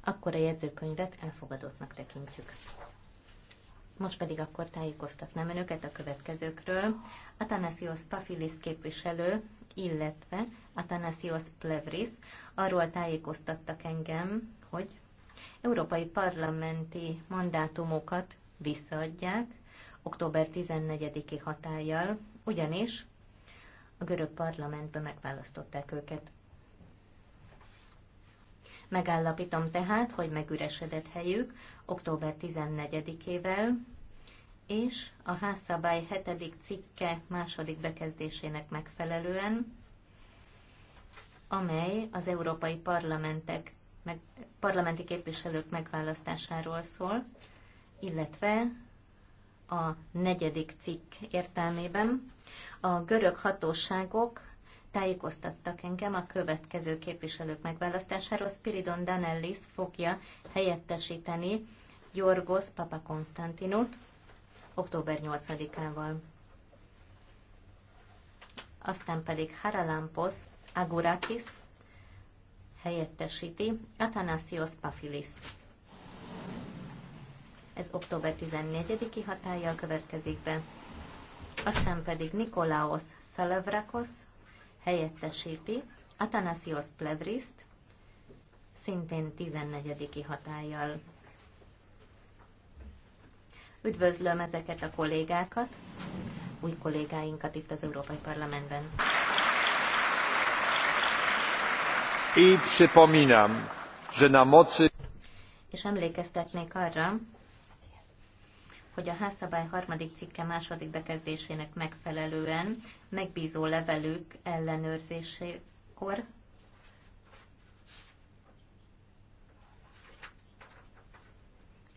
akkor a jegyzőkönyvet elfogadottnak tekintjük. Most pedig akkor tájékoztatnám önöket a következőkről. Atanasios Pafilis képviselő, illetve Atanasios Plevris arról tájékoztattak engem, hogy európai parlamenti mandátumokat visszaadják október 14-i hatállyal, ugyanis a görög parlamentbe megválasztották őket. Megállapítom tehát, hogy megüresedett helyük október 14-ével, és a házszabály 7. cikke második bekezdésének megfelelően, amely az európai parlamentek, meg, parlamenti képviselők megválasztásáról szól, illetve a negyedik cikk értelmében a görög hatóságok tájékoztattak engem a következő képviselők megválasztásáról. Spiridon Danellis fogja helyettesíteni Gyorgos Papa Konstantinut október 8-ával. Aztán pedig Haralampos Agurakis helyettesíti Athanasios Pafilis. Ez október 14-i hatája következik be. Aztán pedig Nikolaos Szalavrakos helyettesíti Atanasios Plevriszt, szintén 14. hatállyal. Üdvözlöm ezeket a kollégákat, új kollégáinkat itt az Európai Parlamentben. És emlékeztetnék arra, hogy a házszabály harmadik cikke második bekezdésének megfelelően megbízó levelük ellenőrzésékor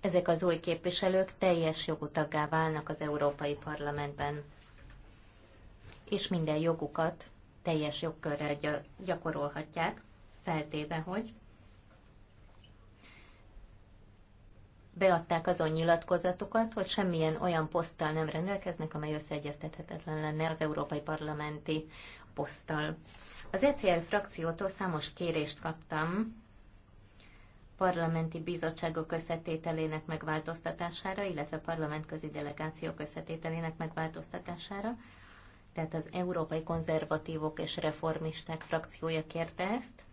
ezek az új képviselők teljes jogú taggá válnak az Európai Parlamentben, és minden jogukat teljes jogkörrel gyakorolhatják, feltéve, hogy beadták azon nyilatkozatokat, hogy semmilyen olyan poszttal nem rendelkeznek, amely összeegyeztethetetlen lenne az Európai Parlamenti poszttal. Az ECR frakciótól számos kérést kaptam parlamenti bizottságok összetételének megváltoztatására, illetve parlamentközi delegációk összetételének megváltoztatására. Tehát az Európai Konzervatívok és Reformisták frakciója kérte ezt.